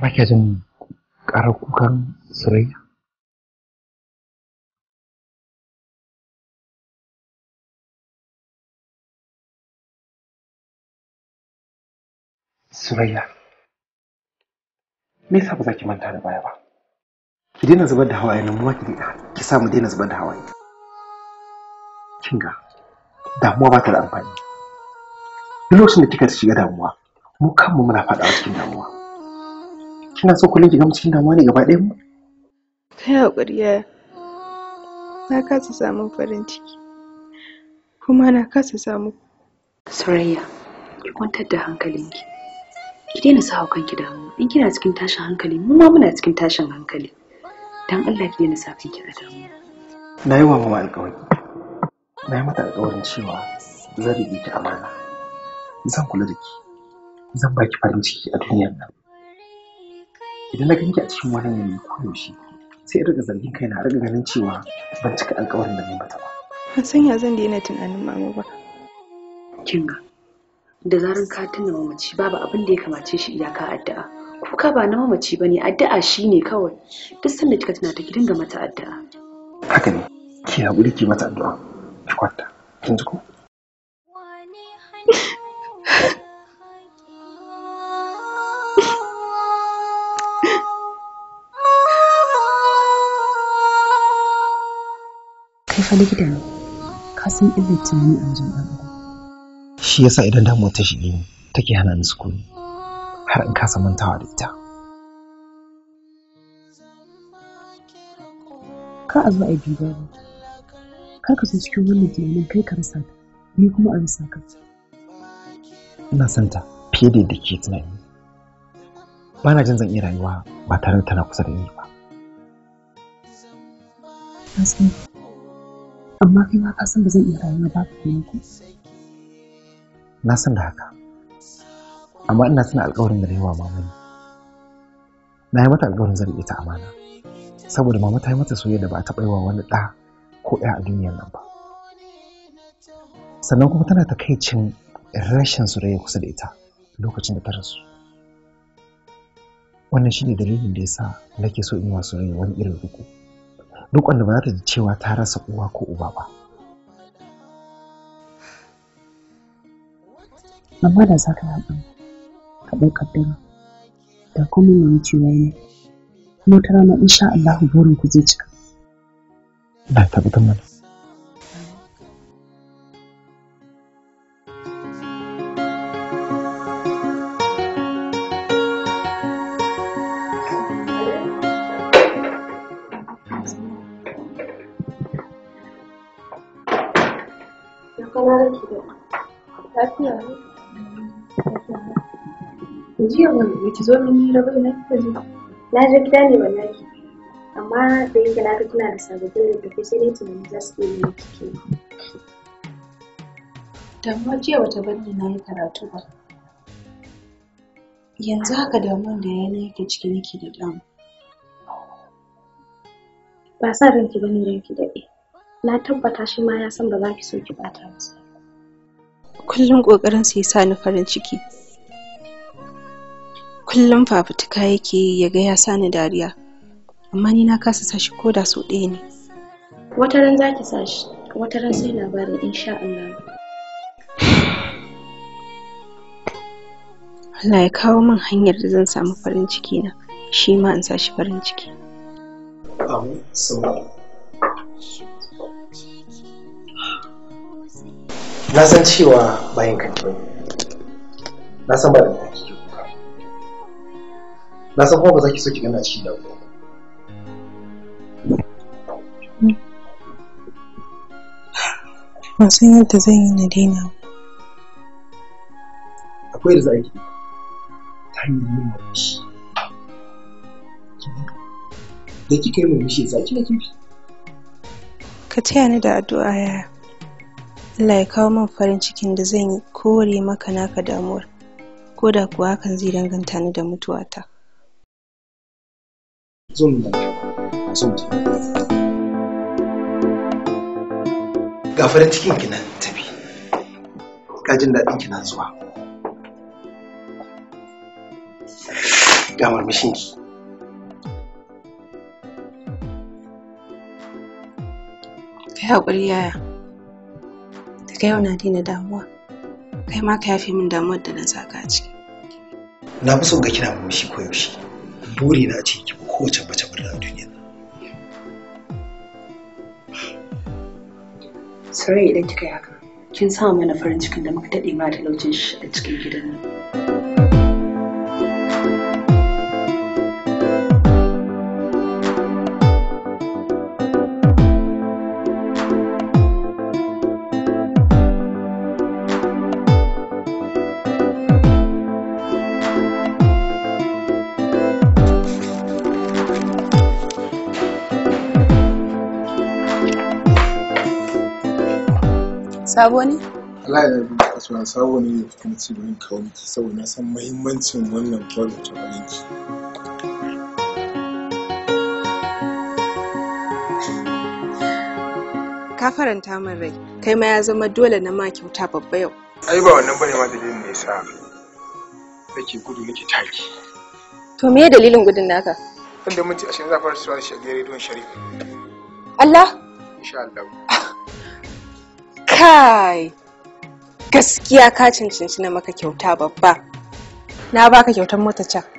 ba kya jin ƙarar kukan surayya surayya me yasa ba za ki manta da baya ba ki daina zubar da hawaye nan muwa ki daina ki sa mu daina zubar da hawaye kinga damuwa ba ta da amfani duk lokacin da kika shiga damuwa mu kanmu muna faɗawa cikin damuwa kina so kullum ki gama cikin damuwa ne gaba ɗaya mu kai hakuri ya na kasa samun farin ciki kuma na kasa samu Surayya, ki kwantar da hankalinki ki daina sa kanki damuwa in kina cikin tashin hankali mu ma muna cikin tashin hankali dan Allah ki daina sa kanki a damuwa na yi wa mama alƙawari na yi mata alƙawarin cewa zan riƙe ki amana zan kula da ki zan baki farin ciki a duniyar nan idan na ganke a cikin wani yanayi koyaushe sai in zargin kai na riga ganin cewa ban cika alkawarin da na ta ba ban san ya zan daina tunanin mama ba kinga da zaran ka tuna mamaci babu abin da ya kamace shi iyaka addu'a kuka ba na mamaci bane addu'a shine kawai duk sanda kika tuna ta ki dinga mata addu'a haka ne ki haƙuri ki mata addu'a ki kwanta kin ji ko fa likita ne ka san illar tunani a wajen ɗan uku? shi yasa idan damuwa ta shige ni take hana ni sukuni har in kasa mantawa da ita ka a a biyu ba kar ka cikin wannan tunanin kai ka rasa ta ni kuma a rasa ka ina son ta fiye da yadda ke tunani ba na jin zan iya rayuwa ba tare da tana kusa da ni ba. amma kai ma ka san ba zan iya rayuwa ba ku ku na san da haka amma ina tuna alƙawarin da na yi wa ne na yi mata alƙawarin zan iya ta amana saboda mama ta yi mata soyayya da ba a taɓa yi wa wani ɗa ko ɗaya a duniyar nan ba sannan kuma tana takaicin rashin soyayya kusa da ita lokacin da ta rasu wannan shine dalilin da ya yasa nake so in yi wa soyayya wani irin ruku duk wanda ba za ta ji cewa ta rasa uwa ko uba ba amma da za ka haɗu ka ɗaukar dara da kuma mai cewa ne kuma ta rana sha Allah burin ku zai cika. Na tabbatar mana. jiya ba ki zo min hira ba ina na ji gida ne wallahi amma da yake na ga kina da sababbin littattafai sai dai tunani za su iya yi damuwa jiya wata banni na yi karatu ba yanzu haka damuwan da yana yake ciki nake da damu ba sa ranki bane ranki daɗe na tabbata shi ma ya san ba za ki so ki bata masa kullum ƙoƙarin su sa ni farin ciki kullum fafutuka yake ya ga ya sani dariya amma ni na kasa sashi ko da sau ɗaya ne wata ran zaki sa shi? wata ran sai labarin insha Allah Allah ya kawo min hanyar da zan samu farin ciki na shi ma in sashi farin ciki na san cewa bayan kanki na san ba da na san kuma ba za ki so ki gana cikin da ba san yadda zan yi na daina akwai da za yi ta hanyar yin murmushi da kika yi murmushi za ki da kifi ka taya ni da addu'a ya Allah ya kawo min farin cikin da zan yi kore maka naka damuwar ko da kuwa hakan zai danganta ni da mutuwata. zo mu ga farin cikin ki nan tafi ga jin daɗin ki nan zuwa ga murmushin ki kai haƙuri yaya daga yau na daina damuwa kai ma ka yafe min damuwar da na saka a ciki na fi so ga kina murmushi koyaushe burina na ce ki kowace bace barna a duniya sarai idan kika yi haka kin sa mana farin cikin da muka daɗe ma talaucin shi a cikin gidan nan sabo ne? Allah ya rabu kasuwa sabo ne da kuma ci domin saboda na san muhimmancin wannan product a ki. Ka faranta min rai, kai ma ya zama dole na ma kyauta babba yau. Ai ba wannan bane ma dalilin ne sa nake gudu nake taki. To me dalilin gudun naka? Wanda minti ashirin za fara suwa da shagari don sharif. Allah? Insha Allah. kai gaskiya ka cancanci na maka kyauta babba na baka kyautar mota can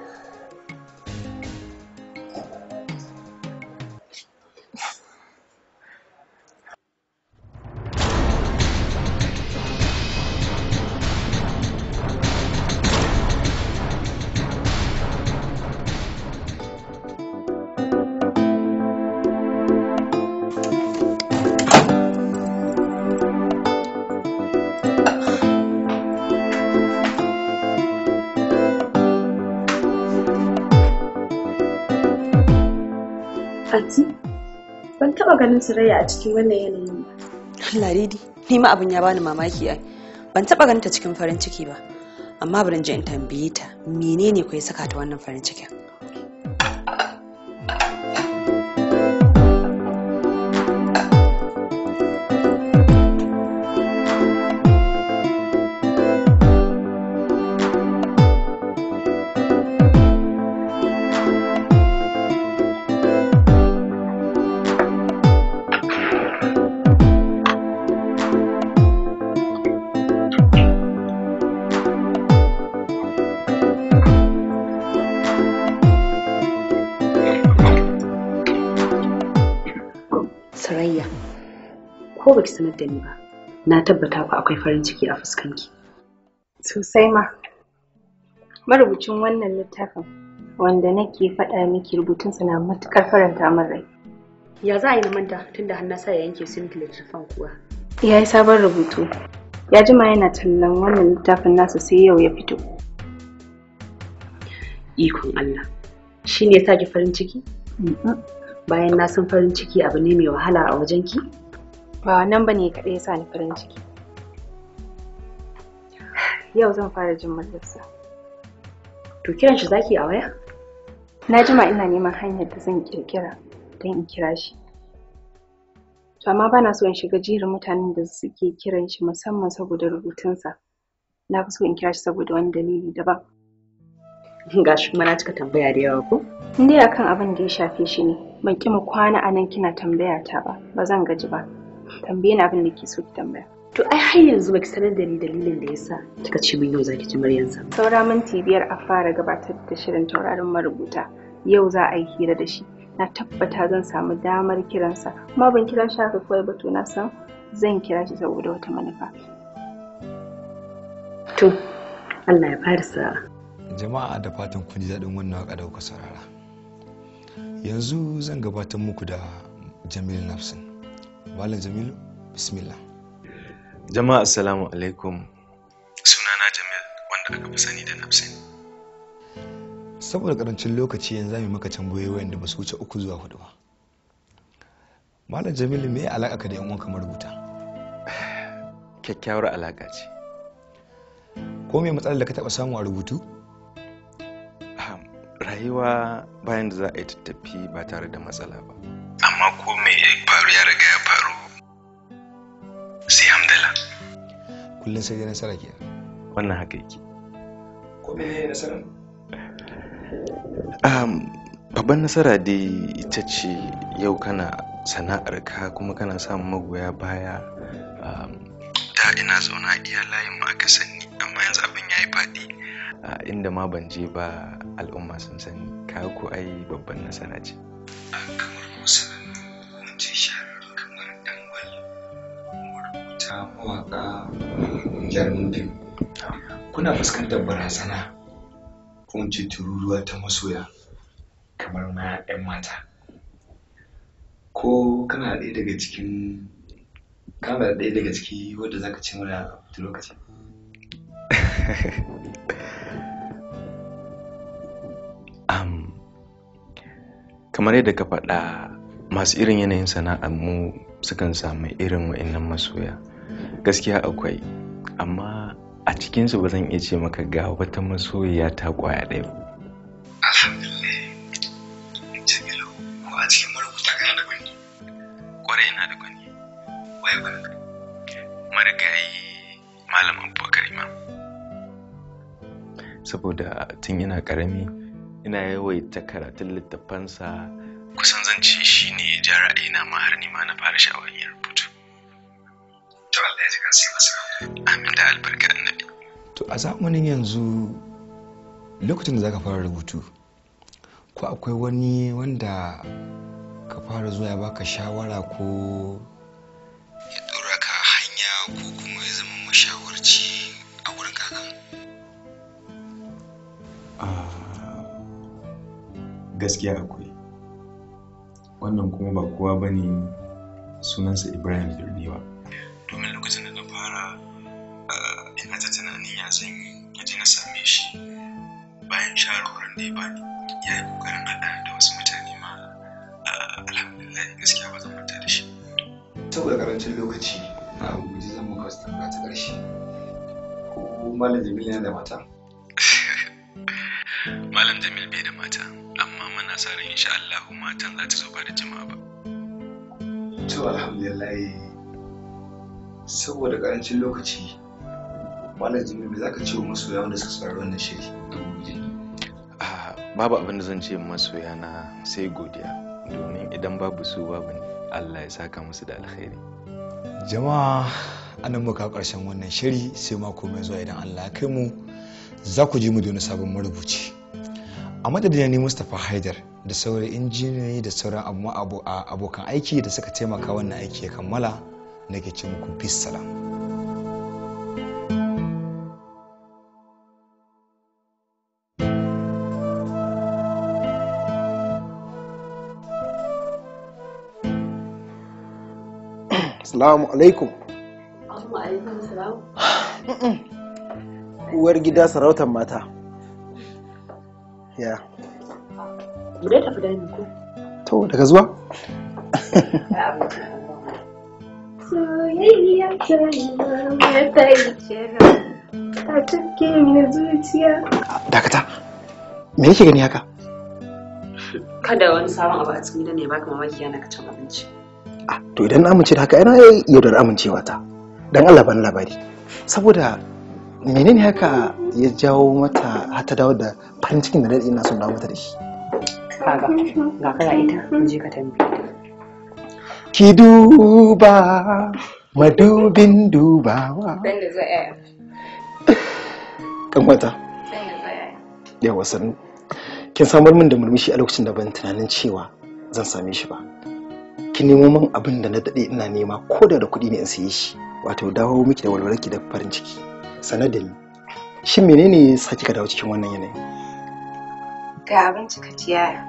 ganin Sarayya a cikin wannan yanayin ba. Allah ni ma abin ya bani mamaki ai. Ban taba ganin ta cikin farin ciki ba. Amma bari in je in tambaye ta menene ya saka ta wannan farin cikin. ko baki sanar da ni ba na tabbata ku akwai farin ciki a fuskanki sosai ma marubucin wannan littafin wanda nake faɗa miki rubutunsa na matukar faranta min rai ya za a yi na manta tunda har na sa ya yanke simple littafin kuwa ya yi sabon rubutu ya jima yana tallan wannan littafin nasa sai yau ya fito ikon Allah shi ne ya ki farin ciki bayan na san farin ciki abu ne mai wahala a wajen ki ba wannan ba ne kaɗai ya sa ni farin ciki yau zan fara jin muryarsa to kiran shi zaki a waya na jima ina neman hanyar da zan kirkira don in kira shi to amma ba na so in shiga jirin mutanen da suke kiran shi musamman saboda rubutunsa na fi so in kira shi saboda wani dalili daban ga shi mana cika tambaya da yawa ko Ni dai akan abin da ya shafe shi ne ban kima kwana a nan kina tambaya ta ba ba zan gaji ba tambaye ni abin da ke so ki tambaya to ai har yanzu baki sanar da ni dalilin da yasa kika ce min yau zaki ci sa. saura minti biyar a fara gabatar da shirin tauraron marubuta yau za a yi hira da shi na tabbata zan samu damar kiransa kuma ban kira shi haka kawai ba to na san zan kira shi saboda wata manufa to Allah ya fara sa'a jama'a da fatan kun ji daɗin wannan waka da kuka saurara yanzu zan gabatar muku da jamil nafsin Malam Jamilu, bismillah. Jama'a assalamu alaikum. Sunana Jamil wanda aka fi sani da Nafsin. Saboda karancin lokaci yanzu zamu maka tambaye wanda ba su wuce uku zuwa hudu ba. Malam Jamilu me alaka ka da yan uwanka marubuta? Kyakkyawar alaka ce. Ko me matsalar da ka taba samu a rubutu? Rayuwa bayan da za a yi tattafi ba tare da matsala ba. Amma ko me ya faru ya riga ya faru sai hamdala kullum sai dai nasara ke wannan haka yake ko me ne nasara um, babban nasara dai ita ce yau kana sana'ar ka kuma kana samun magoya baya um, da ina zauna iya layin ma aka sani amma yanzu abin ya yi faɗi a inda ma ban je ba al'umma sun sani ka ku ai babban nasara ce kamar musu mun je sha mawaka jarumin fim kuna fuskantar barazana ko in tururuwa ta masoya kamar ma 'yan mata ko kana ɗaya daga cikin kana ɗaya daga ciki wadda za ka ci mana a lokaci kamar yadda ka faɗa masu irin yanayin sana'ar mu sukan sami irin wa'annan masoya gaskiya akwai amma a cikinsu ba zan iya ce maka ga wata masoyiya ta kwaya ɗaya ba saboda tun ina karami ina yawaita karatun littafansa kusan zan shi ne ya ja na ma har nema na fara sha'awar yin rubutu ta Allah ya amin da albarka annabi to a zamanin yanzu lokacin da zaka fara rubutu ko akwai wani wanda ka fara zuwa ya baka shawara ko ya dora ka hanya ko kuma ya zama mashawarci a wurin kaka ah, gaskiya akwai wannan kuma ba kowa bane sunansa ibrahim birniwa bayan shawarwarin da ya bani ya yi kokarin haɗa da wasu mutane ma alhamdulillah gaskiya ba zan manta da shi saboda karancin lokaci na guji zan muka wasu tambaya ta ƙarshe ko malam jamil yana da mata malam jamil bai da mata amma muna sa ran insha Allah matan za ta zo ba da jama'a ba to alhamdulillah saboda karancin lokaci malam jimmy me zaka ce wa masoya wanda suka tsara wannan shiri a guje babu abin da zan ce masoya na sai godiya domin idan babu su babu ne allah ya saka musu da alkhairi jama'a anan muka karshen wannan shiri sai mako mai zuwa idan allah ya kai mu za ku ji mu da sabon marubuci a madadin ne mustapha haidar da sauran injiniyoyi da sauran abokan aiki da suka taimaka wannan aiki ya kammala nake ce muku bis salam Assalamu alaikum. Uwar gida sarautar mata. Ya. Mu dai ko? To daga zuwa? Soyayya ta yi ta yi ta zuciya. Dakata, me yake gani haka? Kada wani sabon abu a cikin gida ne baka mamaki yana ka cin abinci. a to idan na amince da haka ina yaudar amincewa ta dan Allah ban labari saboda menene haka ya jawo mata har ta dawo da farin cikin da dade ina son dawo mata da shi kaga ga kaga ita in je ka tambaye ki duba madubin dubawa kan wata yawa sannu kin samar min da murmushi a lokacin da ban tunanin cewa zan same shi ba ki nemo min abin da na daɗe ina nema ko da da kuɗi ne in sayi shi wato dawo miki da walwalarki da farin ciki sanadin da ni shin menene ya sa kika dawo cikin wannan yanayi? ga abinci cika ci yaya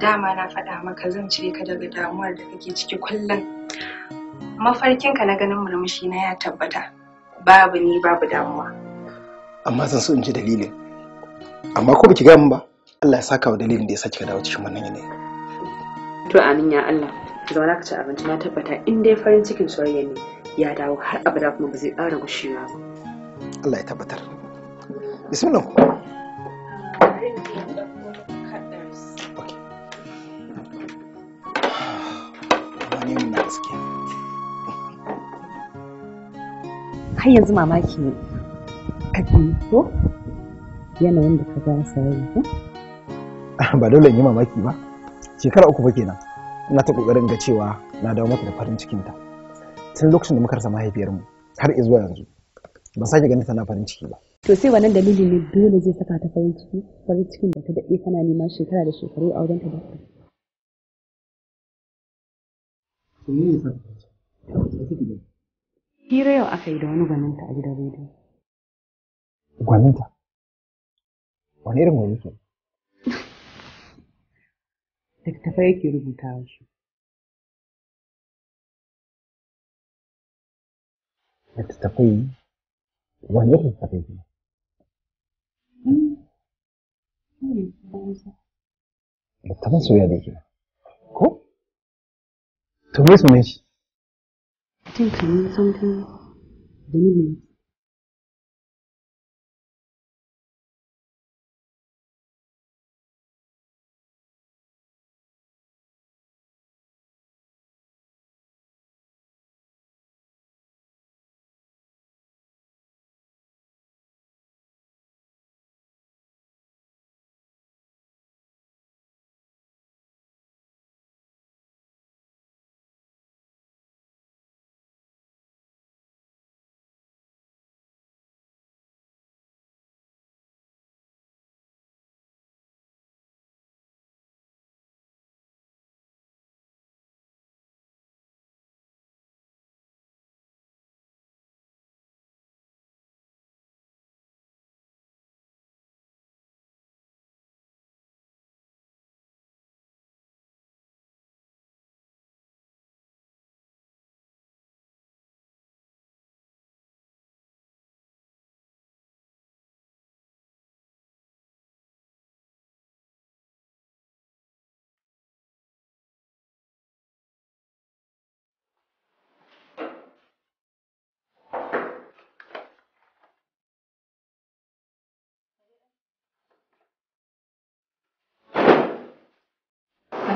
dama na faɗa maka zan cire ka daga damuwar da kake ciki kullum mafarkinka na ganin murmushi na ya tabbata babu ni babu damuwa amma zan so in ji dalilin amma ko biki ga min ba Allah ya saka wa dalilin da ya sa kika dawo cikin wannan yanayi. to amin ya Allah zauna ka ci abinci na tabbata in dai farin cikin soyayya ne ya dawo har abada kuma ba zai ƙara gushewa ba Allah ya tabbatar bismillah har yanzu mamaki ne kafin ko yanayin da ka gane sarari ko ba dole yi mamaki ba shekara uku ba kenan ina ta kokarin ga cewa na dawo mata da farin cikin ta tun lokacin da muka rasa mahaifiyarmu har zuwa yanzu ba sake ganin ta na farin ciki ba to sai wannan dalili ne dole zai saka ta farin ciki farin cikin da ta daɗe kana nema shekara da shekaru a wajen ta ba Hira yau aka yi da wani gwaninta a gidan rediyo. Gwaninta? Wani irin gwaninta? ke? Littattafai yake rubuta wasu. littattafai wani yake littattafai kuma? Littattafan soya da yake ko? To me shi? Jin kamar something da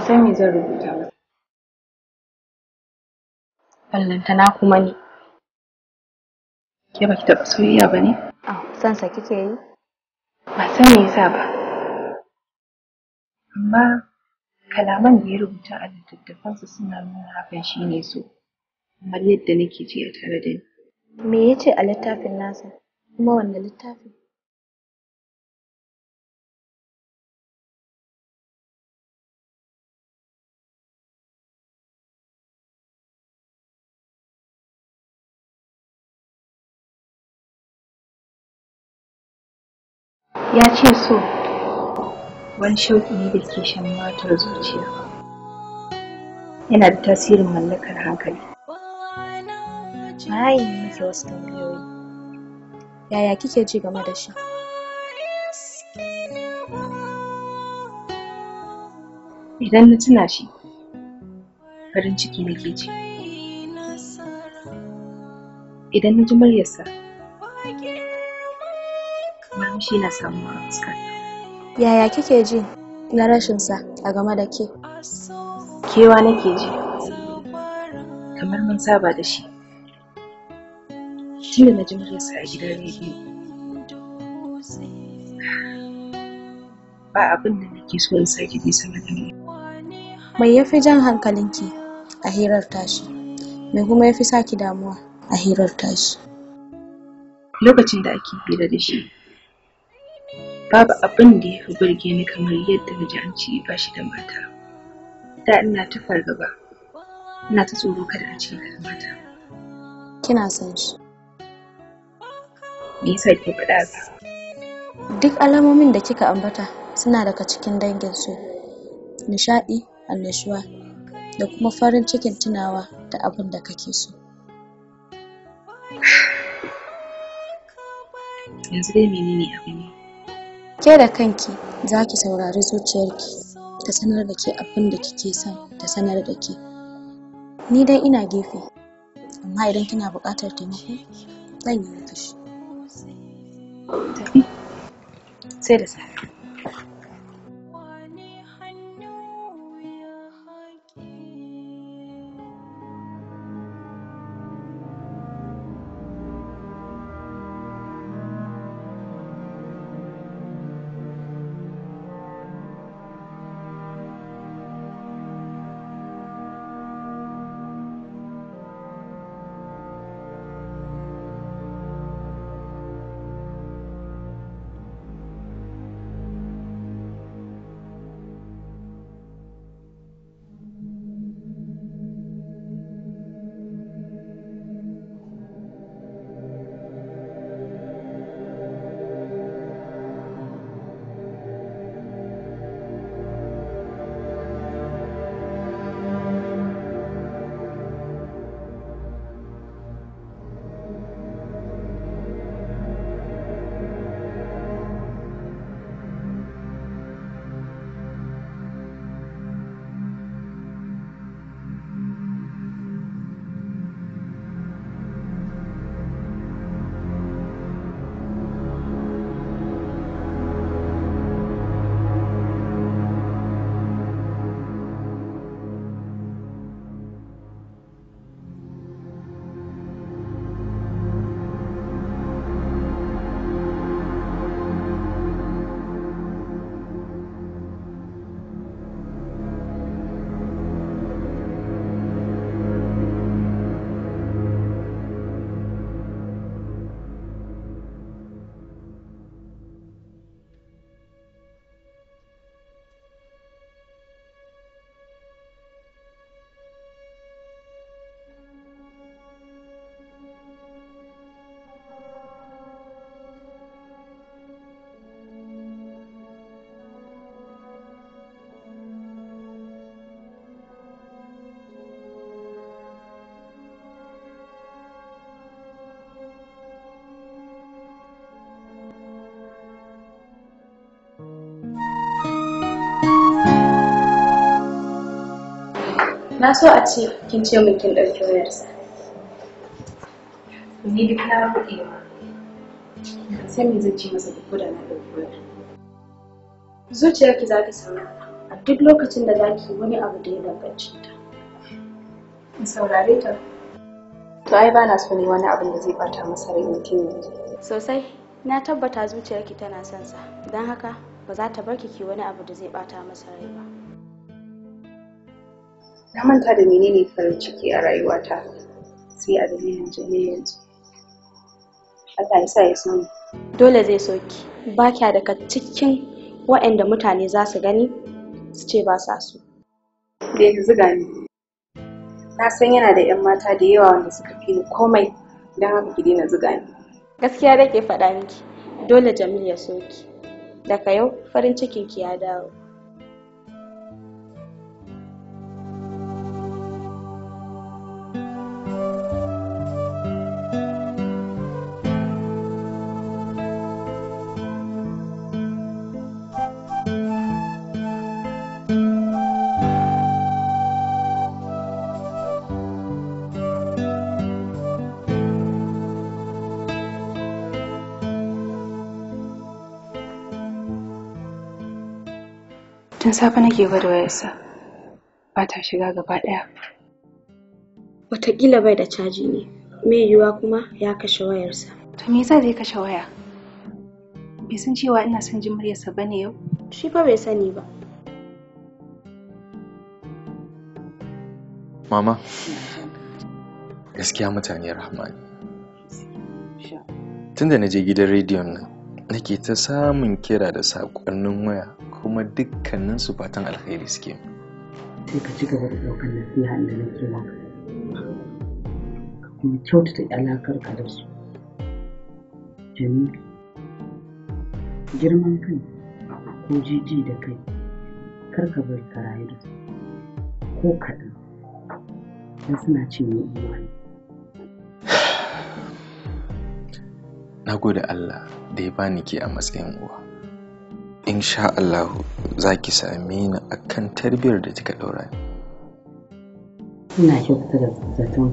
san me zan rubuta ta na kuma ni ke baki taɓa soyayya ba ne? Ah, san sa kike yi? ba san me yasa ba amma kalaman da ya rubuta a littattafansa suna nuna hakan shi ne so kamar yadda nake ji a tare da ni me yace a littafin nasa kuma wanne littafi ya ce so wani shauƙi ne da ke shan matar zuciya yana da tasirin mallakar hankali na yi wasu tambayoyi yaya kike ji game da shi idan na tuna shi farin ciki nake ji idan na ji muryarsa shi na samu yaya kike ji na rashinsa a game da ke kewa nake ji kamar mun saba da shi tunda na ji sa a gidan rediyo ba abin da nake so in sake ji sama da ni mai fi jan hankalinki a hirar tashi mai kuma ya sa saki damuwa a hirar tashi lokacin da ake hira da shi babu abin da ya fi burge ni kamar yadda na ji an ce ba shi da mata da ina ta fargaba ina ta tsoro kada a ce da mata kina son shi me yasa ke faɗa ba duk alamomin da kika ambata suna daga cikin dangin su nishaɗi annashuwa da kuma farin cikin tunawa da abin da kake so yanzu dai menene abin ne ke da kanki za ki saurari zuciyarki ta sanar da ke abin da kike son ta sanar da ke ni dai ina gefe amma idan kina buƙatar taimako zan yi miki shi sai da safe na so a ce kin ce min kin ɗauki wayarsa ni duk na kuɗe ma ban san me zan ce masa duk da na ɗauki wayar zuciyarki za ta sauna a duk lokacin da za ki wani abu da ya dangance ta in saurare ta to ai ba na so ne wani abin da zai ɓata masa rai ne sosai na tabbata zuciyarki tana son sa don haka ba za ta bar ki wani abu da zai ɓata masa rai ba na manta da menene farin ciki a rayuwata sai a dalilin jini yanzu Allah ya sa ya samu dole zai soki ba kya daga cikin waɗanda mutane za su gani su ce ba sa su. da yanzu gani na san yana da 'yan mata da yawa wanda suka fi ni komai don haka ki daina zuga ni gaskiya da ke faɗa miki dole jamil ya soki daga yau farin cikin ki ya dawo tun safe nake gwada wayarsa ba ta shiga gaba ɗaya wataƙila bai da caji ne mai yiwuwa kuma ya kashe wayarsa to me yasa zai kashe waya bai san cewa ina son jin muryarsa ba ne yau shi fa bai sani ba mama gaskiya mutane rahama tunda na je gidan rediyon nan nake ta samun kira da saƙonnin waya kuma dukkanin su fatan alkhairi suke sai ka ci gaba da ɗaukar nasiha da nake maka ka kuma kyautata alakar ka da su jamilu girman kai ko jiji da kai kar ka bari ka rayu da su ko kaɗan don suna cinye imani na gode Allah da ya bani ke a matsayin uwa sha Allahu za ki sami ni a kan tarbiyyar da kika ɗora ni ina kyauta da zaton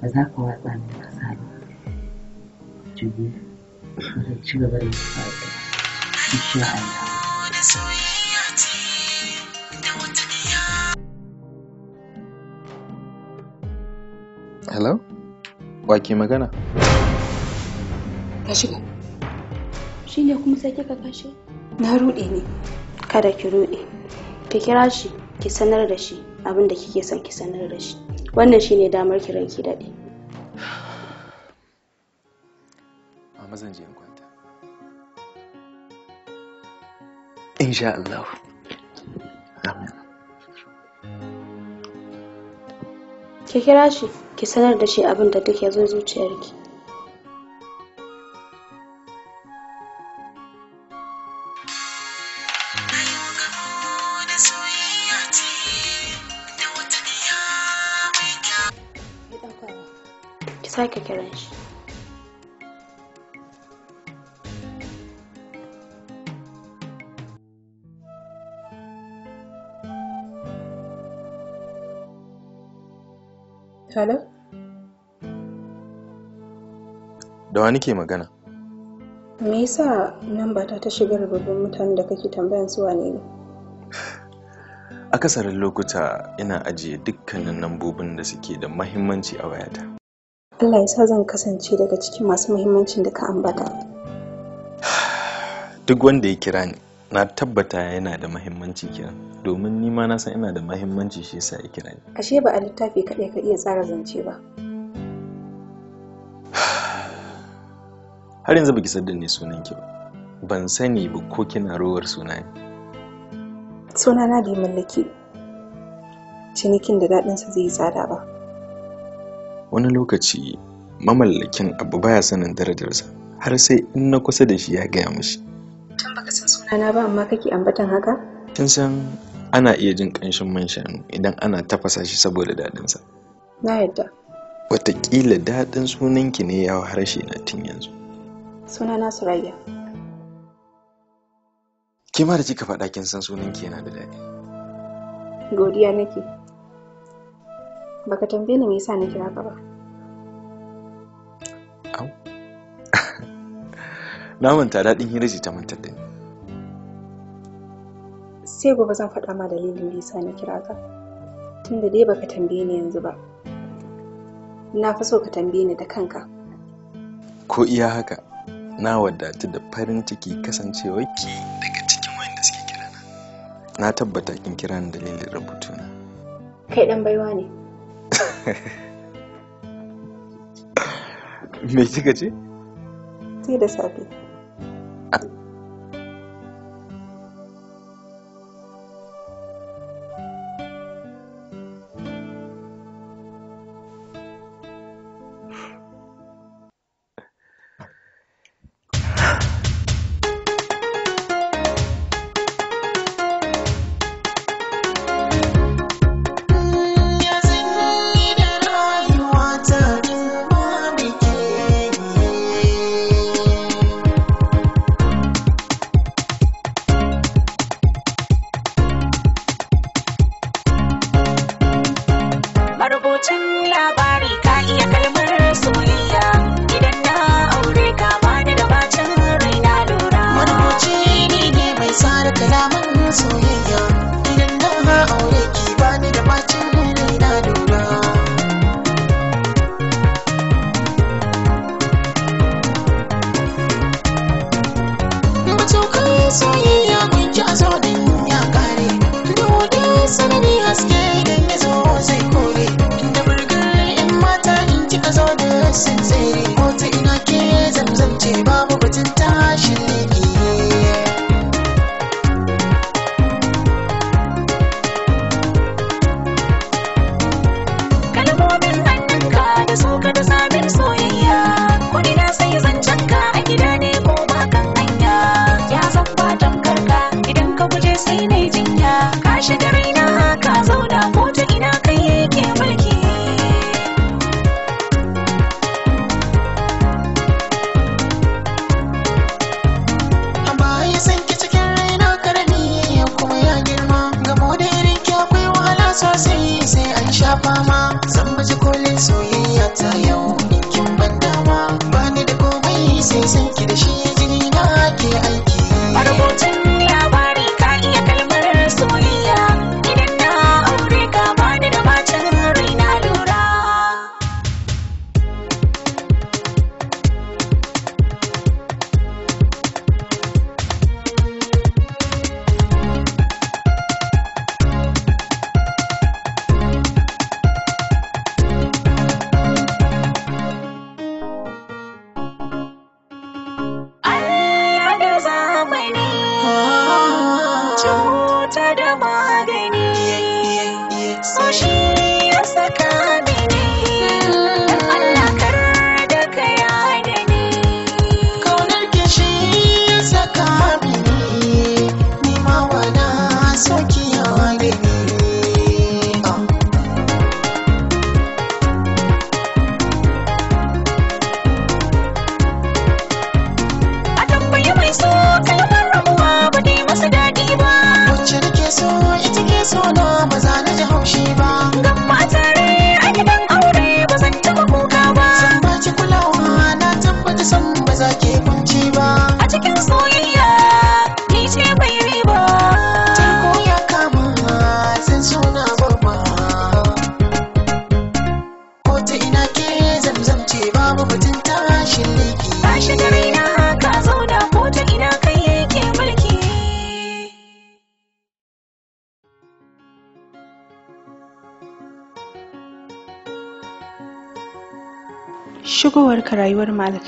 ba za ka watsa min kasa ba jimi ba ci gaba da yin fa'ida sha Allah Hello? Wa ke magana? ka shiga shi ne kuma sai kika kashe na rude ne kada ki rude ki kira shi ki sanar da shi abin da kike son ki sanar da shi wannan shine damar kiran ki daɗe mama zan je in kwanta insha Allah amin ki kira shi ki sanar da shi abin da take zo zuciyarki Village. Hello? Da wa ke magana? Me yasa namba ta ta shiga rububin mutanen da kake tambayan su wane ne? Akasarin lokuta ina ajiye dukkanin lambobin da suke da mahimmanci a wayata. Allah ya sa zan kasance daga cikin masu muhimmancin da ka ambata. Duk wanda ya kira ni, na tabbata yana da muhimmanci kira, domin ni ma na san ina da muhimmanci shi yasa ya kira ni. Ashe ba a littafi kaɗai ka iya tsara zance ba. Har yanzu baki sadda ne sunan ki ba. Ban sani ba ko kina rowar suna ne. Sunana bai mallaki cinikin da daɗinsa zai yi tsada ba. wani lokaci mamallakin abu baya sanin darajarsa har sai in na kusa da shi ya gaya mishi tun baka san sunana ba amma kake ambatan haka kin san ana iya jin ƙanshin man shanu idan ana tafasa shi saboda daɗinsa na yadda wataƙila daɗin sunanki ne ya harshe na tun yanzu sunana surayya kima da kika faɗa kin san sunanki yana da daɗi godiya nake baka tambaye ni me yasa na kira ka ba au na manta dadin hira ce ta manta da ni sai gobe zan faɗa ma dalilin da yasa na kira ka tunda dai baka tambaye ni yanzu ba na fi so ka tambaye ni da kanka ko iya haka na wadatu da farin ciki kasancewa ki daga cikin wanda suke kirana na tabbata kin kira ni dalilin rubutuna kai dan baiwa ne me kika ce? Sai da safe.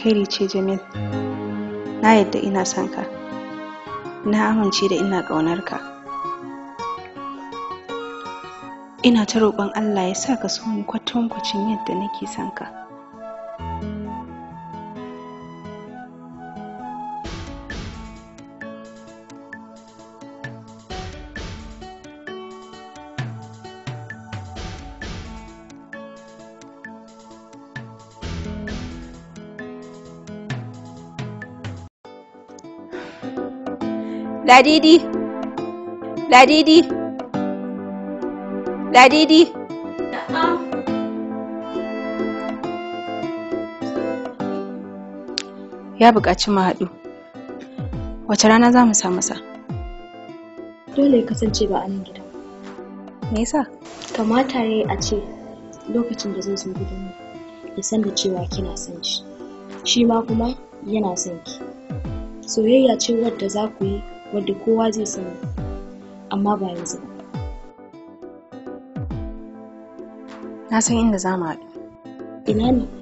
alkhairi ce jamil na yadda ina son ka na amince da ina ƙaunarka ina ta roƙon allah ya sa ka so ni kwatankwacin yadda nake son ka Ladidi. Ladidi. Ladidi. Ya buƙaci mu haɗu. Wace rana za mu sa masa? Dole ya kasance ba a nan gidan. Me yasa? Kamata ya a ce lokacin da zai zo gidanmu ya san da cewa kina son shi. Shi ma kuma yana son ki. Soyayya ce wadda za ku yi wadda kowa zai sani amma ba yanzu ba na san inda za mu haɗu ina ne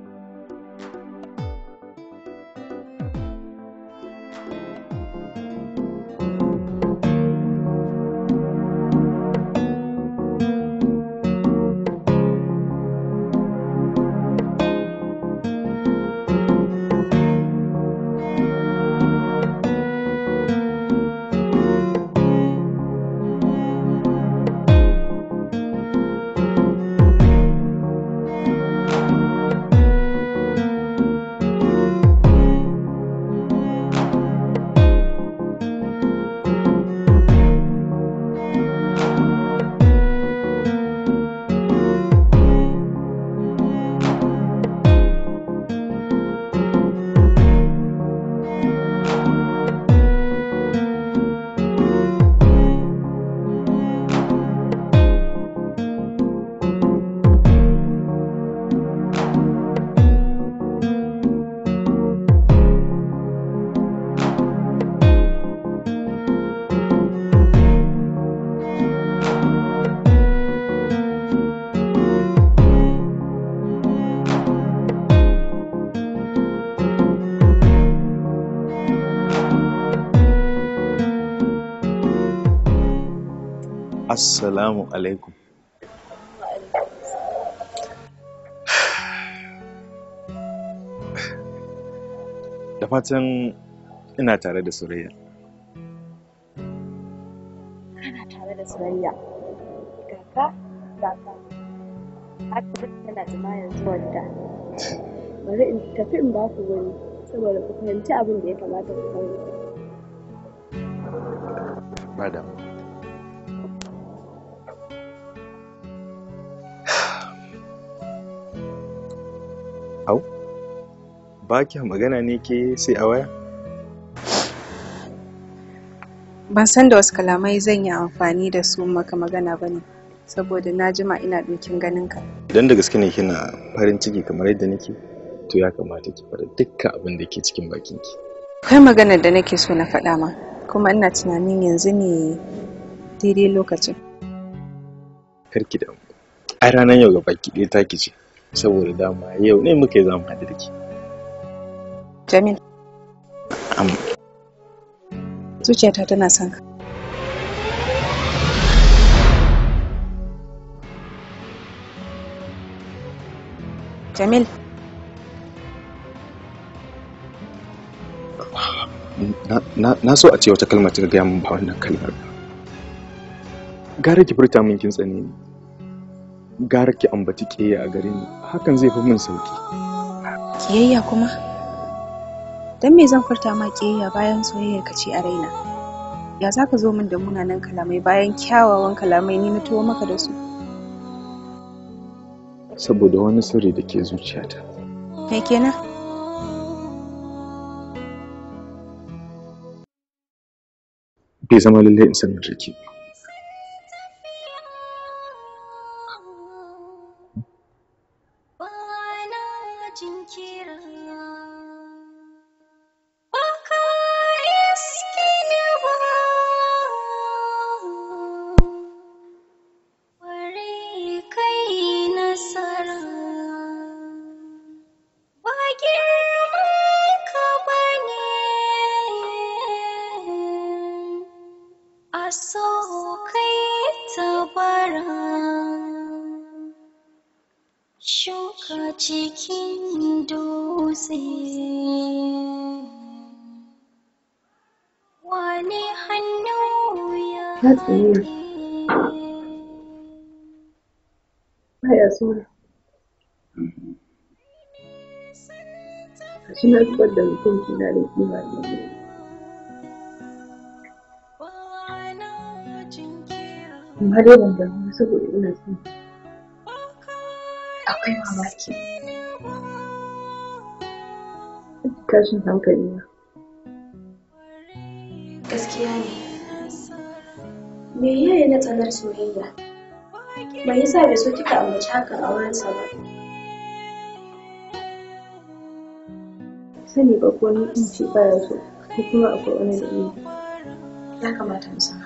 Assalamu alaikum. Da fatan ina tare da Surayya. Kana tare da Surayya. Kaka, kaka. Haka tana zama yanzu wadda. Bari in tafi in ba ku wani saboda ku fahimci abin da ya kamata ku fahimta. Madam. ba kya magana ne ke sai a waya ban san da wasu kalamai zan yi amfani da su maka magana ba ne saboda na jima ina dokin ganin ka idan da gaske ne kina farin ciki kamar yadda nake to ya kamata ki fara dukkan abin da ke cikin bakinki kai maganar da nake so na faɗa ma kuma ina tunanin yanzu ne daidai lokacin karki da ai ranar yau gaba ki ɗaya ta ki ce saboda dama yau ne muka yi zamu haɗu da ki Jamil. Am. Zuciyata tana son ka. Jamil. Na so a ce wata kalmar ta gaya min ba wannan kalmar ba. Gara ki furta min kin tsane ni. Gara ki ambaci ƙeya a gare ni. Hakan zai fi min sauki. Kiyayya kuma? don me zan furta ma ƙiyayya bayan soyayyar ka ce a raina ya za ka zo min da munanan kalamai bayan kyawawan kalamai ni na tuwo maka da su saboda wani sirri da ke zuciyata me kenan bai zama lallai in sanin da ke ba That's weird. Baya so na. Shi na zubar da mutunci na da kima ne. amma dai ban mu saboda ina son akwai mamaki tashin hankali na gaskiya ne Me yayi na tsanar soyayya? yi sa bai so kika ambaci haka a wurinsa ba? Sani ba ko ni in ce ba ya so, ko kuma akwai wani da ya kamata mu san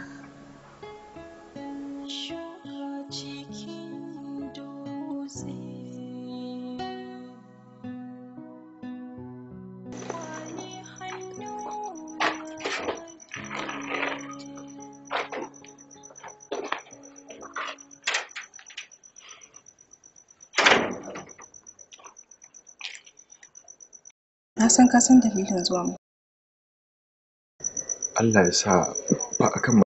san ka san dalilin zuwan mu. Allah ya sa ba a